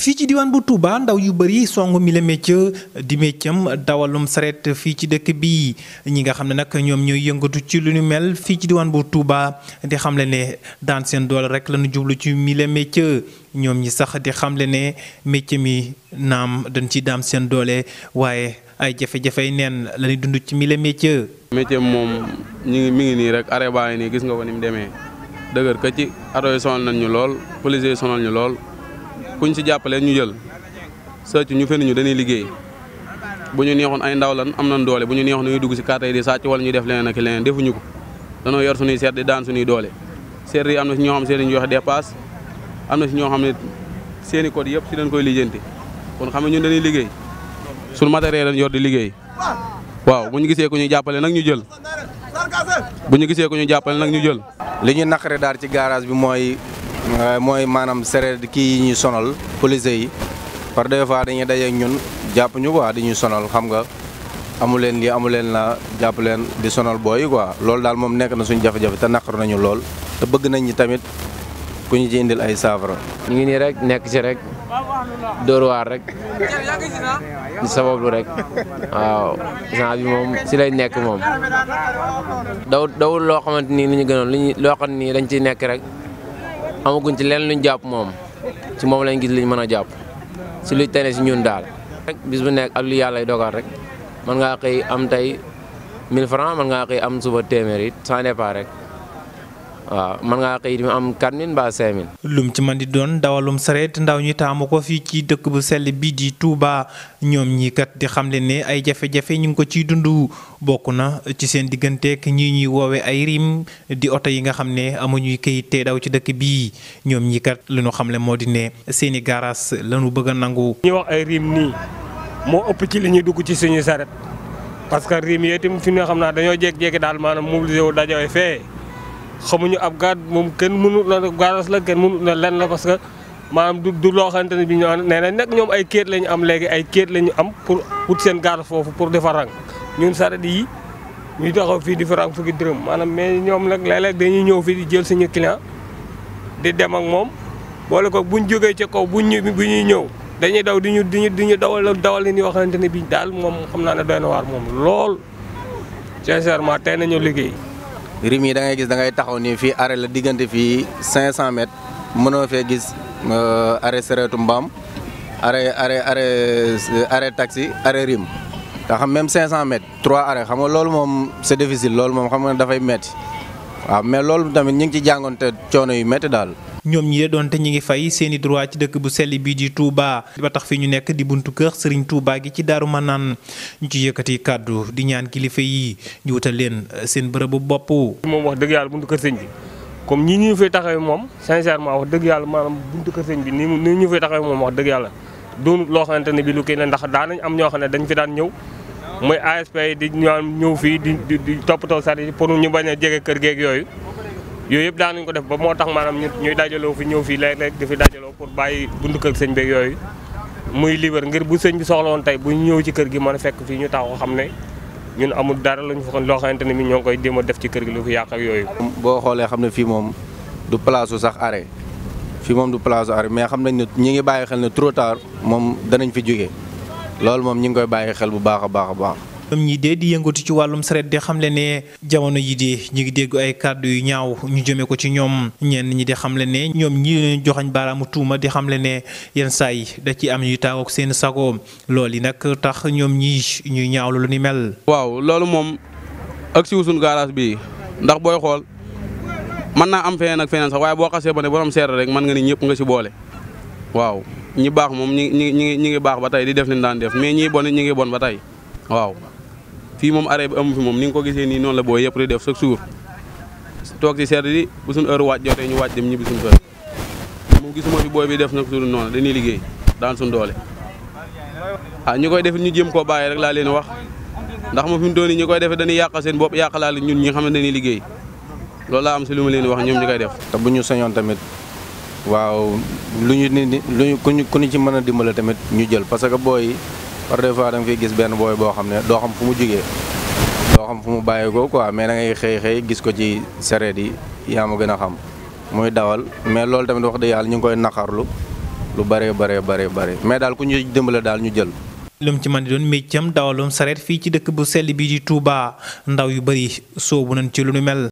fii ci diwaan bu Touba ndaw yu bëri song mi la métier di métiam dawalum saret fii ci dëkk bi ñi nga xam ne nag ñoom ñooy yëngatu ci lu ñu mel fii ci diwaan bu Touba di xam xamle ne daan seen doole rek la jublu ci mi la métier ñoom ñi sax di xam xamle ne métier mi naam dañ ci daam seen doole waaye ay jafe-jafey neen la ñuy dund ci mi la métier. métier moom ñu ngi mi ngi nii rek arrêt baa nii gis nga ko ni mu demee dëgër ka ci sonal nañ ñu lool police yi lool. kuñ si jàppalee ñu jël sëcc ñu ñu dañuy liggéey bu ñu neexoon ay ndaw lan am nañ doole bu ñu neexoon ñuy dugg si carte yi di sàcc wala ñuy def leneen ak leneen defuñu ko danoo yor suñuy doole seet yi ñoo xam seet ñu joxe dépasse na si ñoo xam ne seen i yëpp si dañ koy lijjanti kon xam ne ñun dañuy liggéey suñu matériel lañ yor di liggéey waaw bu ñu gisee ku ñu jàppale nag ñu jël bu ñu gisee ñu jàppale nag ñu jël li bi mooy Euh, mooy maanaam sereet kii yi ñuy sonal police yi par des fois dañuy daje ak ñun jàpp ñu a dañuy sonal xam nga amu leen lii amu leen la jàpp leen di sonal booy yi quoi loolu daal moom nekk na suñ jafe-jafe te naqar nañu lool te bëgg nañ ñi tamit ku ñu ci indil ay saafara. ñu ngi nii rek nekk ci rek dóor rek di sabablu rek waaw bi moom si lay nekk moom daw dawul loo xamante ni ñu gënoon li ñu dañ ci nekk rek. amaguñ ci leen luñ jàpp moom si moom lañ gis liñ mën a jàpp si luy tene si ñun daal. rek bis bu nekk ak lu yàlla dogal rek mën ngaa xëy am tey 1000 francs mën ngaa xëy am suba téeméer it sans départ rek. waaw mën ngaa xëy di am 4000 mbaa 5000. lum ci man di doon dawalum sareet ndaw ñi taamu ko fii ci dëkk bu sell bii di Touba ñoom ñi kat di xamle ne ay jafe-jafe ñu ngi ko ciy dund bokk na ci seen digganteeg ñii ñuy woowee ay rim di oto yi nga xam ne amuñuy këyit te daw ci dëkk bii ñoom ñi kat li ñu xamle moo di ne seen i gaaraas lañu bëgg a nangu. ñu wax ay rim nii moo ëpp ci li ñuy dugg ci suñuy sareet parce que rim yi fi nga xam naa dañoo je jékki daal maanaam mobilisé wu dajawee xamuñu ab gaat moom kenn mënut na garas la kenn mënut lenn la parce que maanaam du du loo xamante ne bi ñu naan nee nag ñoom ay kéet la am léegi ay kéet lañu am pour wut seen gaar foofu pour defar rang ñun saret yi ñuy taxaw fii di fa rang fukki dërëm maanaam mais ñoom nag léeg-léeg dañuy ñëw fii di jël suñu client di dem ak moom boole ko buñ jógee ci kaw bu ñu bu ñuy ñëw dañuy daw di ñu di di ñu dawal dawal yoo xamante ne bi daal moom xam naa ne doy na waar moom lool sincèrement tey nañu liggéey. rim yi da ngay gis da ngay taxaw ni fii arrêt la diggante fii 500 mètres mënoo fee gis euh, arrêt sereetu mbaam arrêt arrêt arrêt euh, arrêt taxi arrêt rim taxam xam même 500 mètres 3 arrêt xam nga loolu moom c'est difficile loolu moom xam nga dafay metti waaw mais loolu tamit ñu ngi ci jàngoonte coono yu metti daal. ñoom ñi doonte ñu ngi fay seeni droit ci dëkk bu sell bii di Touba ba tax fi ñu nekk di buntu kër Serigne Touba gi ci Daaru naan ñu ci yëkkati kàddu di ñaan kilifa yi ñu wutal leen euh, seen bërëbu bopp. moom wax dëgg yàlla buntu kër sëñ bi comme ñi ñu fee taxawee moom sincèrement wax dëgg yàlla maanaam buntu kër sëñ bi ni ni ñu fay taxawee moom wax dëgg yàlla doonut loo xamante ne bi lu kii la ndax daan nañ am ñoo xam ne dañ fi daan ñëw mooy ASP di ñaan ñëw fii di di toppatoo sar yi pour ñu bañ a jege kër geeg yooyu yooyu yëpp daan nañ ko def ba moo tax maanaam ñu ñuy dajaloo fi ñëw fii léeg-léeg di fi dajaloo pour bàyyi buntu kër sëñ beeg yooyu muy libre ngir bu sëñ bi soxla woon tey bu ñu ñëw ci kër gi mën a fekk fii ñu taxaw xam ne ñun amul dara lañu fa loo xamante ne mi ñoo ngi koy jéem a def ci kër gi lu fi yàq ak yooyu. boo xoolee xam ne fii moom du place sax arrêt fii moom du place arrêt mais xam nañ ne ñi ngi bàyyi xel ne trop tard moom danañ fi jógee loolu moom ñu ngi koy bàyyi xel bu baax a baax a baax ñoom ñi dee di yëngatu ci wàllum saret di xam le ne jamono yi di ñu ngi dégg ay kàddu yu ñaaw ñu jëmee ko ci ñoom ñenn ñi di xamle le ne ñoom ñi leen joxañ baaraamu tuuma di xam le ne yenn saa yi da ci am yu taagook seen sago loolu yi nag tax ñoom ñi ñuy ñaaw lu ni mel. waaw loolu moom ak si suñu garage bi ndax booy xool man naa am feneen ak feneen sax waaye boo xasee ba ne borom seere rek mën nga ni ñëpp nga si boole waaw ñi baax moom ñi ñi ñi ngi baax ba tey di def li ñu daan def mais ñi bon ñi ngi bon ba tey waaw fii moom arrêt bi amu moom ni nga ko gisee nii noonu la booy yëpp di def chaque jour toog ci sedd di bu suñ heure waaj jotee ñu waaj dem ñibbi suñu kër moom gisuma fi booy bi def nag suñu noonu dañuy liggéey daan suñ doole ah ñu koy def ñu jëm koo bàyyi rek laa leen wax ndax moom fi mu ñu koy defee dañuy yàq seen bopp yàqalaal ñun ñi nga xam ne dañuy liggéey loolu laa am si lu ma leen wax ñoom ñu koy def te bu ñu sañoon tamit waaw lu ñu ni lu ñu ku ñu ci mën a dimbale tamit ñu jël parce que booy par des fois da nga gis benn booy boo xam ne doo xam fu mu jugee doo xam fu mu bàyyeekoo quoi mais da ngay xëy xëy gis ko ci sareet yi yaa ma gën a xam muy dawal mais loolu tamit wax dëgg yàlla ñu ngi koy naqarlu lu bëree bëree bëree bëri mais daal ku ñu dimbale daal ñu jël. lu mu ci mën di doon méccam dawalum sareet fii ci dëkk bu sell bi di Touba ndaw yu bëri soobu nañ ci lu nu mel.